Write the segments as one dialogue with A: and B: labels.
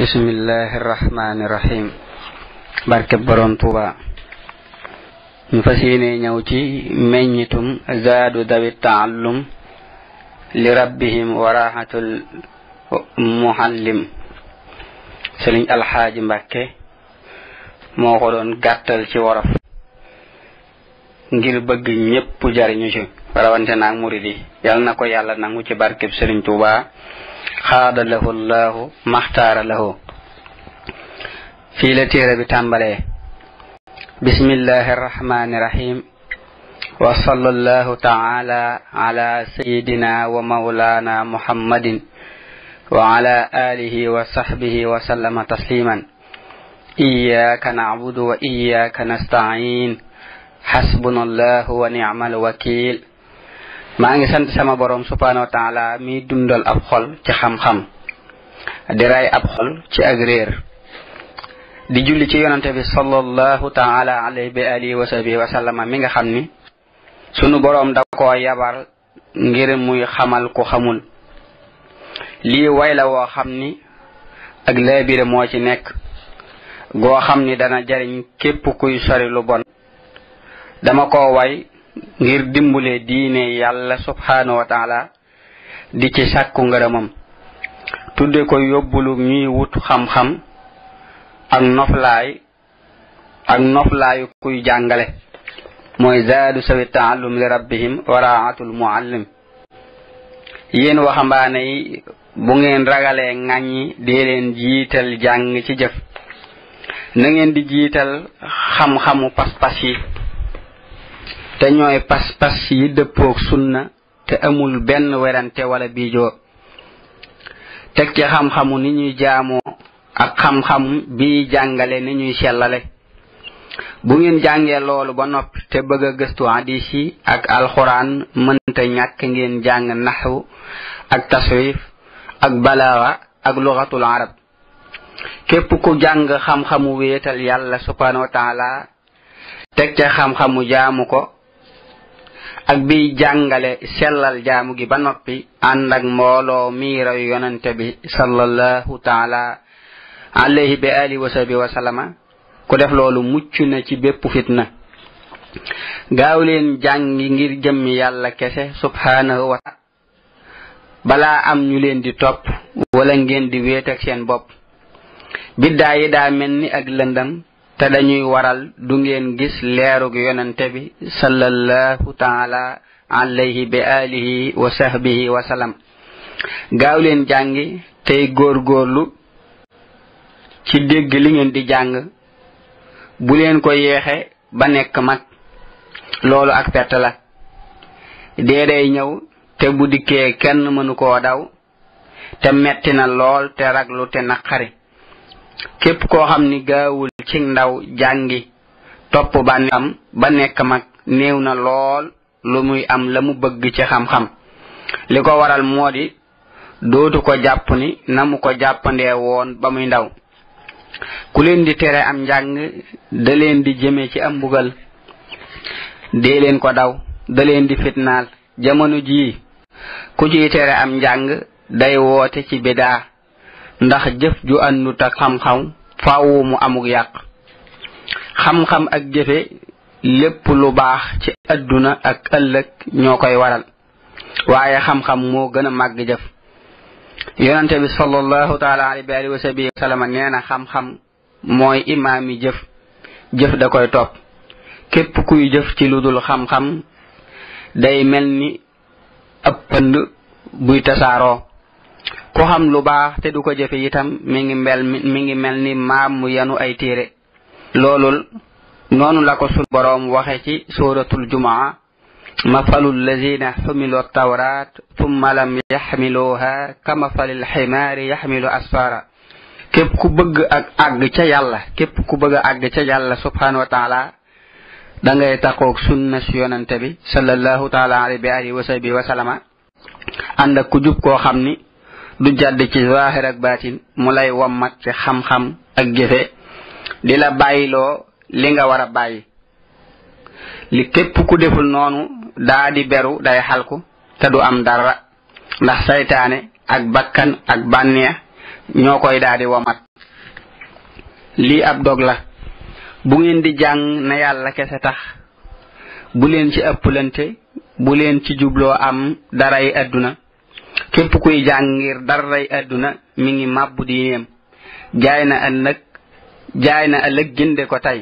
A: bismillahi irrahmani irrahim barkeb boroom tuuba ñu fas yéene ñëw ci meññitum zaadu dawi taallum li rabbihim wa raxatul muhallim sëriñ alxaaji mbakke moo ko doon gàttal ci worof ngir bëgg ñépp jariñu ci rawante naag murid yi yal na ko yàlla nangu ci barkeb sëriñ tuuba xaada lahu llahu maxtaara lahu fii la téere bi tàmbalee bismillahi arrahmani irrahim wa sallallahu taala ala sayidina wa maulana muhammadin wa ala alihi wa sahbihi wa sallama tasliman iyyaka na'budu wa iyyaka nasta'in hasbunallahu wa ni'mal wakil maa ngi sant sama borom subhaanahu wa taala mi dundal ab xol ci xam-xam di ray ab xol ci ak réer di julli ci yonante bi sallallahu taala bi alihi wa sahbihi mi nga xam ni sunu boroom da ko yabar ngir muy xamal ku xamul lii wayla woo xam ni ak laabire moo ci nekk goo xam ni dana jariñ képp kuy sori lu bon dama ko way ngir dimbule diine yàlla subhaanahu wa taala di ci sàkku ngërëmam tudde ko yóbbulu ñuy wut xam-xam ak noflaay noflaayu kuy jàngale mooy zaadu sawi taallum li rabbihim waraatul muallim
B: yéen waxambaane
A: yi bu ngeen ragalee ŋàññi dee leen jiital jàng ci jëf na di jiital xam-xamu pas-pas yi te ñooy pas-pas yi dëppoog sunna te amul benn werante wala biijoo teg ci xam-xamu ni ñuy jaamoo ak xam-xam bi jàngale nañuy ñuy sellale bu ngeen jàngee loolu ba noppi te bëgg a gëstu hadis yi ak alxuraan mënta ñàkk ngeen jàng naxwu ak taswif ak balaawa ak lugatul arab képp ku jàng xam-xamu wéetal yàlla subhanahu teg ca xam-xamu jaamu ko ak biy jàngale sellal jaamu gi ba noppi ànd ak mbooloo miira yu yonente bi sallallahu taala alayhi bi ali wa sahbi ku def loolu mucc na ci bépp fitna gaaw leen jàngi ngir jëmm yàlla kese subhanahu wa taala am ñu leen di topp wala ngeen di wéet ak seen bopp biddaa yi daa mel ni ak lëndam te dañuy waral du gis leerug yonante bi sallallahu taala alayhi bi alihi wa sahbihi wa salam gaaw leen jàngi tey góorgóorlu ci dégg li ngeen di jàng bu leen ko yeexe ba nekk mag loolu ak perte la dee day ñëw te bu dikkee kenn mënu ko daw te metti na lool te raglu te naqari képp koo xam ni gaawul ci ndaw jàngi topp bànneexam ba nekk mag néew na lool lu muy am la mu bëgg ci xam-xam li ko waral moo di dootu ko jàpp ni na mu ko jàppandee woon ba muy ndaw ku leen di tere am njàng da leen di jëme ci am mbugal dee leen ko daw da leen di fitnaal jamono jii ku ciy tere am njàng day woote ci bidaa ndax jëf ju àndut ak xam-xam faaw mu amuk yàq xam-xam ak jëfe lépp lu baax ci àdduna ak ëllëg ñoo koy waral waaye xam-xam moo gën a màgg jëf yonente bi sallallahu taala alayhi wa sallam nee na xam-xam mooy imaam yi jëf jëf da koy topp képp kuy jëf ci lu dul xam-xam day mel ni ab pënd buy tasaaroo ku xam lu baax te du ko jëfe itam mi ngi mel mi ngi mel ni maam mu yanu ay téere loolul noonu la ko sun boroom waxe ci suratul jumaa mafalu lazina xumilu tawraat thumma lam ku bëgg ak àgg ca yàlla képp ku bëgg a àgg ca yàlla subhanahu bi sallallahu taala alayhi wa ku jub koo xam ni du jàdd ci zaahir ak baatin mu lay wommat ci xam-xam ak jëfe di la bàyyiloo li nga war a bàyyi li képp ku deful noonu daa di beru day xalku te du am dara ndax seytaane ak bakkan ak bànneex ñoo koy daa di womat lii ab dog la bu ngeen di jàng na yàlla kese tax bu leen ci ëpplante bu leen ci jubloo am daray àdduna képp kuy jàng ngir daray àdduna mi ngi màbbu diineem jaay na ëllëg jaay na ëllëg jënde ko tey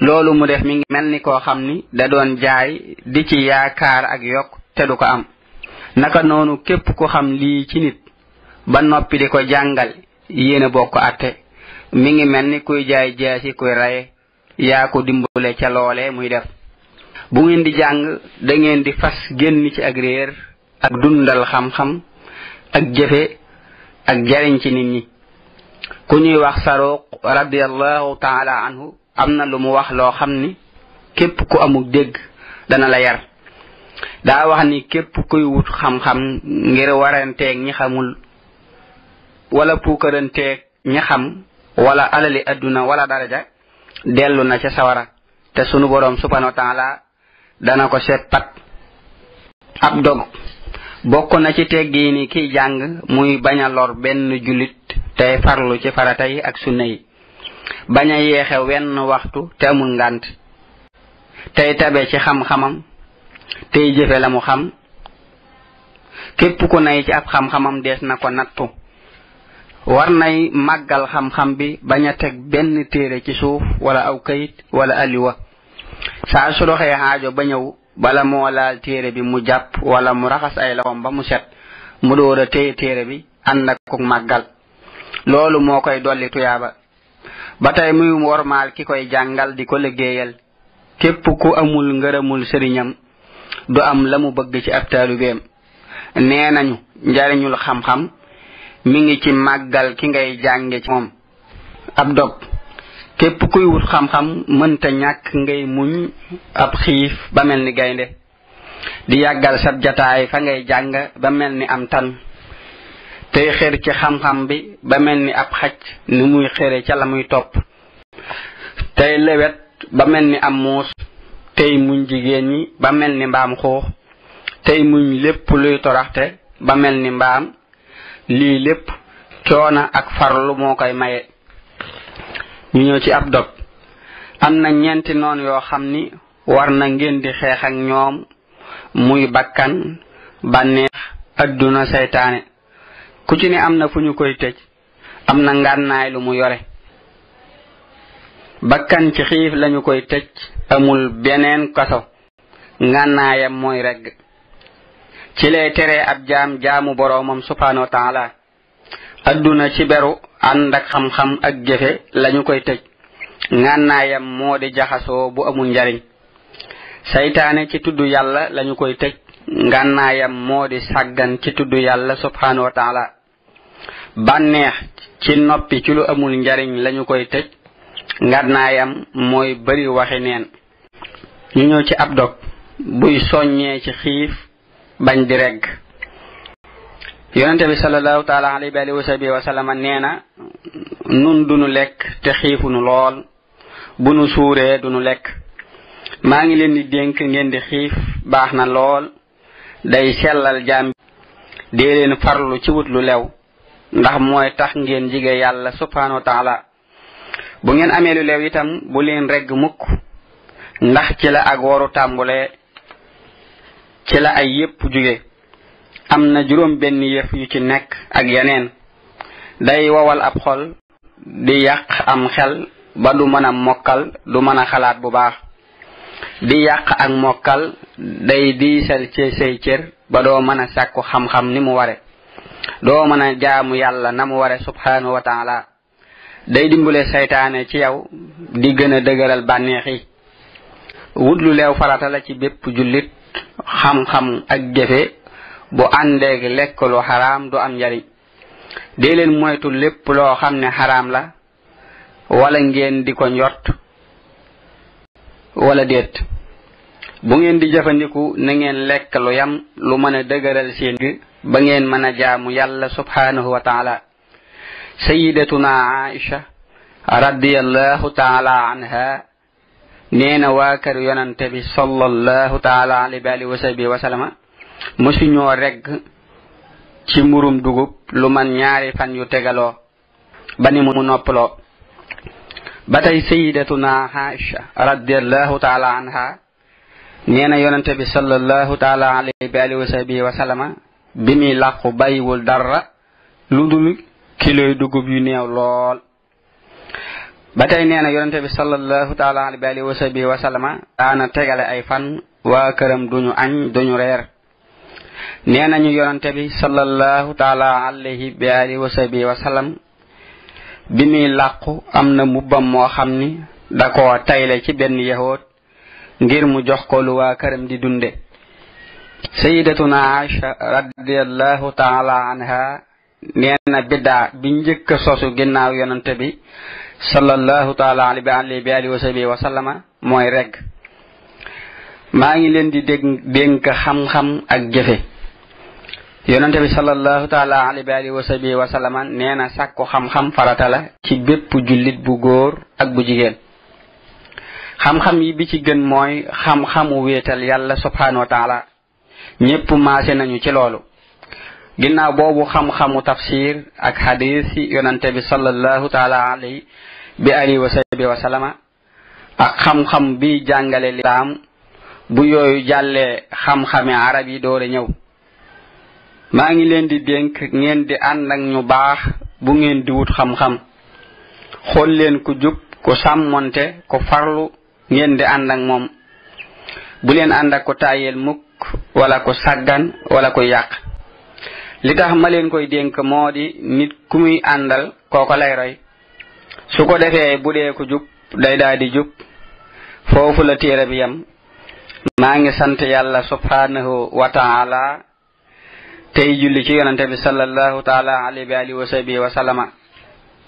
A: loolu mu def mi ngi mel ni koo xam ni da doon jaay di ci yaakaar ak yokk te du ko am naka noonu képp ku xam lii ci nit ba noppi di ko jàngal yéen a bokk atte mu ngi mel ni kuy jaay jaasi kuy raye yaa ko dimbale ca loole muy def bu ngeen di jàng dangeen di fas génn ci ak réer ak dundal xam-xam ak jëfe ak jariñ ci nit ñi ku ñuy wax Saruq radiallahu taala anhu am na lu mu wax loo xam ni képp ku amul dégg dana la yar daa wax ni képp kuy wut xam-xam ngir waranteeg ñi xamul wala puukaranteeg ñi xam wala alali adduna wala daraja dellu na ci sawara te sunu boroom subhanahu dana ko seet pat ab dog bokk na ci teggi ni kiy jàng muy bañ a lor benn jullit tey farlu ci farata yi ak sunna yi bañ a yeexe wenn waxtu te amul ngànt tey tabe ci xam-xamam tey jëfe la mu xam képp ku nay ci ab xam-xamam dees na ko nattu
B: war nay
A: màggal xam-xam bi bañ a teg benn téere ci suuf wala aw kayit wala aliwa saa su xaajo ba ñëw bala moo laal téere bi mu jàpp wala mu raxas ay loxoom ba mu set mu door a téye téere bi ànd ak ku màggal loolu moo koy dolli tuyaaba ba tey muy wormaal ki koy jàngal di ko liggéeyal képp ku amul ngërëmul sëriñam du am la mu bëgg ci ab taalubeem nee nañu njariñul xam-xam mi ngi ci màggal ki ngay jànge ci moom ab dog képp kuy wut xam-xam mënta ñàkk ngay muñ ab xiif ba mel ni gaynde di yàggal sab jataay fa ngay jàng ba mel ni am tan tey xër ci xam-xam bi ba mel ni ab xaj ni muy xëre ca la muy topp tey lewet ba mel ni am muus tey muñ jigéen ñi ba mel ni mbaam xuux tey muñ lépp luy toraxte ba mel ni mbaam lii lépp coono ak farlu moo koy maye ñu ñëw ci ab dog am na ñeenti noon yoo xam ni war na ngeen di xeex ak ñoom muy bakkan bànneex adduna seytaane ku ci ne am na fu ñu koy tëj am na ngànnaay lu mu yore bakkan ci xiif lañu koy tëj amul beneen kaso ngànnaayam mooy regg ci lay tere ab jaam jaamu boroomam subhaanahu wa adduna ci beru ànd ak xam-xam ak jëfe lañu koy tëj ngànnaayam moo di jaxasoo bu amul njariñ seytaane ci tudd yàlla lañu koy tëj ngànnaayam moo di sàggan ci tudd yàlla subhaanahu wa taala bànneex ci noppi ci lu amul njariñ lañu koy tëj ngànnaayam mooy bari waxi neen ñu ñëw ci ab dog buy soññee ci xiif bañ di regg yonente bi salallahu taala alayhi wa alihi wa nee na duñu lekk te xiifunu lool bu nu suuree du duñu lekk maa ngi leen di dénk ngeen di xiif baax na lool day sellal jaam dee leen farlu ci wut lu lew ndax mooy tax ngeen jige yàlla subhanahu wa bu ngeen amee lu lew itam bu leen regg mukk ndax ci la ak waru tàmbule ci la ay yépp jóge am na juróom benn yëf yu ci nekk ak yeneen day wowal ab xol di yàq am xel ba du mën a mokkal du mën a xalaat bu baax di yàq ak mokkal day diisal ci say cër ba doo mën a sàkku xam-xam ni mu ware doo mën a jaamu yàlla na mu ware subhanahu wa taala day dimbule seytaane ci yow di gën a dëgëral bànneex yi wut leew farata la ci bépp jullit xam-xam ak jëfe bu àndeeg lekk lu xaraam du am njariñ dee leen moytu lépp loo xam ne xaraam la wala ngeen di ko njot wala déet bu ngeen di jëfandiku na ngeen lekk lu yam lu mën a dëgëral seen ba ngeen mën a jaamu yalla subhaanahu wa taala sayidatuna aisha radiallahu taala anha nee na waa kër yonante taala alayhi wa sahbihi wa mësuñoo rekk ci mburum dugub lu man ñaari fan yu tegaloo ba ni mu noppaloo ba tey sayidatuna Aïcha radiallahu taala anha nee na yonente bi sallallahu taala alayhi bi alihi wa bi muy làqu bàyyiwul dara lu dul kiloy dugub yu néew lool ba tey nee na yonente bi sallallahu taala alayhi bi alihi wa sahbihi wa sallama daana tegale ay fan waa këram duñu añ duñu reer nee nañu yonante bi sallallahu taala alayhi wa alihi wa bi muy làqu am na bam moo xam ni da ko tayle ci benn yahoot ngir mu jox ko lu waa këram di dunde sayidatuna aisha radiallahu taala anha nee na biddaa bi njëkk a sosu ginnaaw yonante bi sallallahu taala alayhi bi alihi wa sahbihi mooy regg maa ngi leen di dégg dénk xam-xam ak jëfe yonente bi sallallahu taala alayhi wa alihi wa sahbihi wa sallama nee xam-xam farata la ci bépp jullit bu góor ak bu jigéen xam-xam yi bi ci gën mooy xam-xamu wéetal yàlla subhanahu wa ñépp maase nañu ci loolu ginnaaw boobu xam-xamu tafsir ak xadis yi yonente bi sallallahu taala alayhi bi alihi wa sahbihi wa ak xam-xam bi jàngale lislaam bu yooyu jàllee xam-xame arab yi doore ñëw maa ngi leen di dénk ngeen di ànd ak ñu baax bu ngeen di wut xam-xam xool leen ku jub ko sàmmonte ko farlu ngeen di ànd moom bu leen ànd ak ko tàyyeel mukk wala ko sàggan wala ko yàq li tax ma leen koy dénk moo di nit ku muy àndal kooko lay roy su ko defee bu dee ko jub day daal di jub foofu la téere bi yam maa ngi sant yàlla subhanahu wa tey julli ci yonante bi sallallahu taala alayhi wa alihi wa sahbihi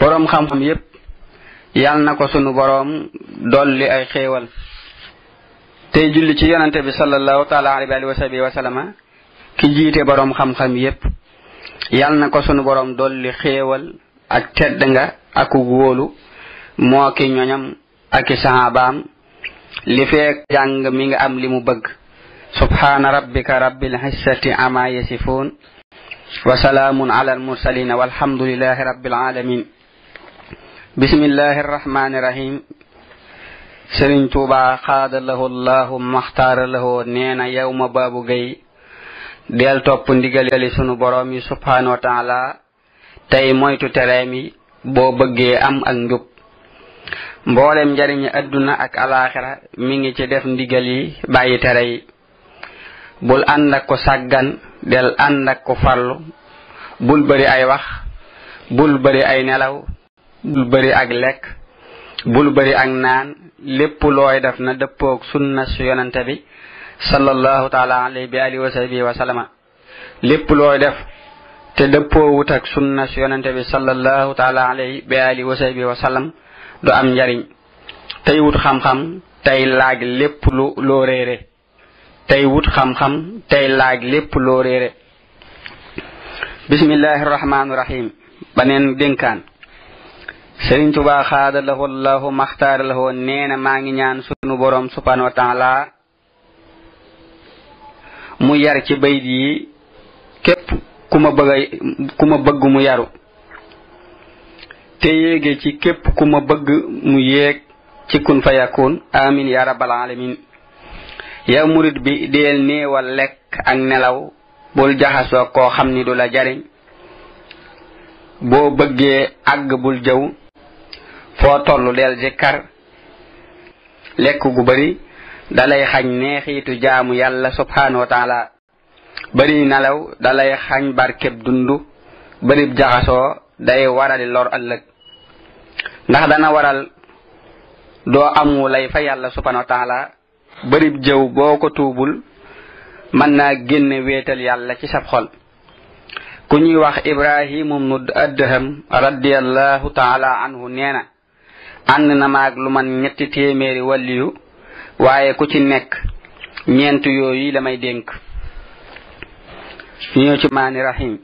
A: boroom xam-xam yépp yal na ko sunu boroom dolli ay xéewal tey julli ci yonante bi sallallahu taala alayhi wa alihi wa ki jiite boroom xam-xam yépp yal na ko sunu boroom dolli xéewal ak tedd nga ak wóolu moo ki ñoñam ak i li fekk jàng mi nga am li mu bëgg subhaana rabbika rabbil izzati amma yasifuun wa salaamun ala almursalin walhamdulilahi rabbil alamin bismillahi arrahmani irrahim sëriñ tuubaa xaada lahu llahu maxtaara lahu nee na yow ma baabu gay del topp ndigali sunu boroom yi subhaana wa taala moytu tereem boo bëggee am ak mboolem njariñi adduna ak alaaxira mi ngi ci def ndigal yi bàyyi bul ànd ak ko sàggan del ànd ak ko farlu bul bari ay wax bul bari ay nelaw bul bari ak lekk bul bari ak naan lépp looy def na dëppoog sunna si yonante bi sallallahu taala alayhi bi alihi wa lépp looy def te dëppoo wut ak sunna su yonante bi sallallahu taala alayhi bi alihi wa sahbihi du am njariñ tey wut xam-xam tey laaj lépp lu loo réere tey wut xam-xam tey laaj lépp loo réere bismillahi rahmaani rahim baneen dénkaan sëriñ tubaa xaada lahu allahu nee na maa ngi ñaan sunu borom subhanahu wa taala mu yar ci bayit yi képp ku ma bëgg mu yaru te yéege ci képp ku ma bëgg mu yéeg ci kun fa yakun amin ya rabbal alamin yow murit bi deel néewal lekk ak nelaw bul jaxasoo koo xam ni du la jariñ boo bëggee àgg bul jëw foo tollu deel zikkar lekk gu bari dalay xañ neexiitu jaamu yàlla subhaanahu wa taala nelaw dalay xañ barkeb dundu barib jaxasoo day warali lor ëllëg
B: ndax dana waral
A: doo amu lay fa yàlla subhaanahu bërib jëw boo ko tuubul mën naa génne wéetal yàlla ci sab xol ku ñuy wax ibrahimum nu addaham radiallahu taala anhu nee na ànd na maag lu man ñetti téeméeri wàlliyu waaye ku ci nekk ñeent yooyu la may dénk ñu ñëw ci maani rahim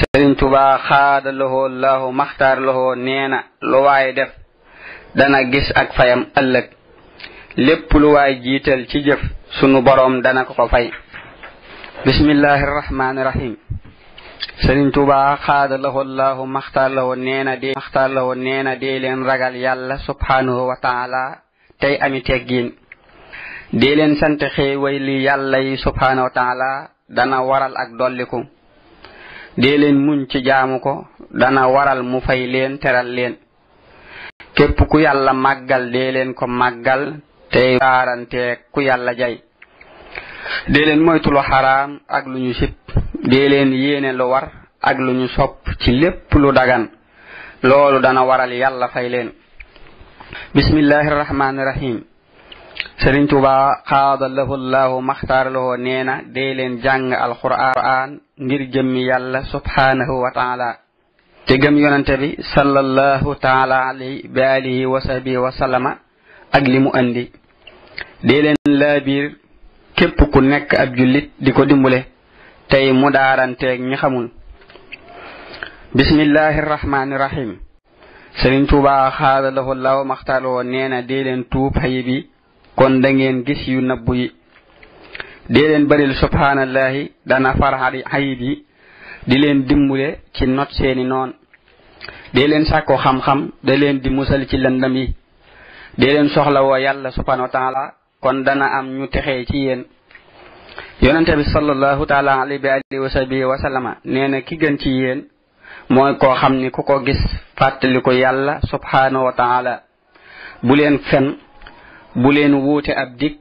A: sëriñ tubaa xaada loxoo maxtaar loxoo nee lu waaye def dana gis ak fayam ëllëg lépp lu waay jiital ci jëf sunu boroom dana ko ko fay bismillahi rahmaani rahim tuba xaada laho laahu maxtaar la woon nee na leen ragal yàlla subhaanahu wa taala tey ami teggiin dee leen sant xéeway li yàlla yi subhaanahu wa dana waral ak dolliku dee muñ ci jaamu ko dana waral mu fay leen teral leen képp ku yàlla màggal dee ko màggal tey daaranteeg ku yàlla jay dee leen moytu lu ak lu ñu sib dee leen lu war ak lu ñu sopp ci lépp lu dagan loolu dana waral yàlla fay leen bismillahi rahmaani rahim sëriñ tuba lahu maxtaar lahoo nee na dee leen jàng alquran ngir jëmmi yàlla subhaanahu wa te gëm yonante bi sallallahu taala alayhi alihi wa sahbihi wa mu andi dee leen laabiir képp ku nekk ab jullit di ko dimbale tey mu daaranteeg ñi xamul bismillahi rahmaani rahim sëriñ tuubaa xaada lahu law maxtaaloo nee na dee leen tuub xayi bi kon da ngeen gis yu nëbbu yi dee leen baril subhaanallahi dana far xayib yi di leen dimbule ci not seeni noon dee leen sàkko xam-xam da leen di musal ci lëndam yi dee leen soxla woo yàlla subhaanahu wa taala kon dana am ñu texee ci yéen yonente bi sallallahu taala bi alihi wa sahbihi wa ki gën ci yéen mooy koo xam ni ku ko gis fàttali ko yàlla subhaanahu wa taala bu fen bu leen wuute ab dikk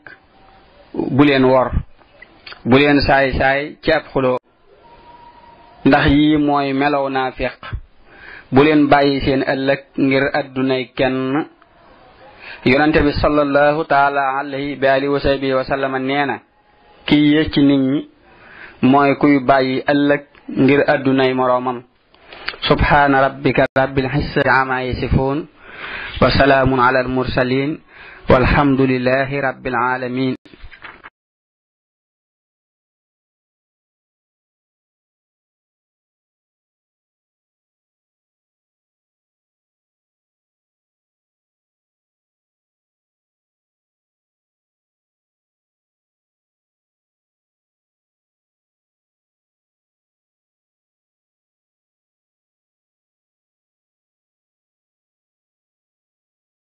A: bu leen wor buleen leen saay-saay ci ab xuloo ndax yii mooy melow naa féq bu leen bàyyi seen ëllëg ngir addunay kenn yonante bi sallallahu taala alayhi bi alihi wa sahbihi wa na kii ci nit mooy kuy bàyyi ëllëg ngir addunay moroomam subhaana rabbika rabbil izzati amma yasifuun wa salaamun ala al mursalin walhamdulillahi rabbil alamin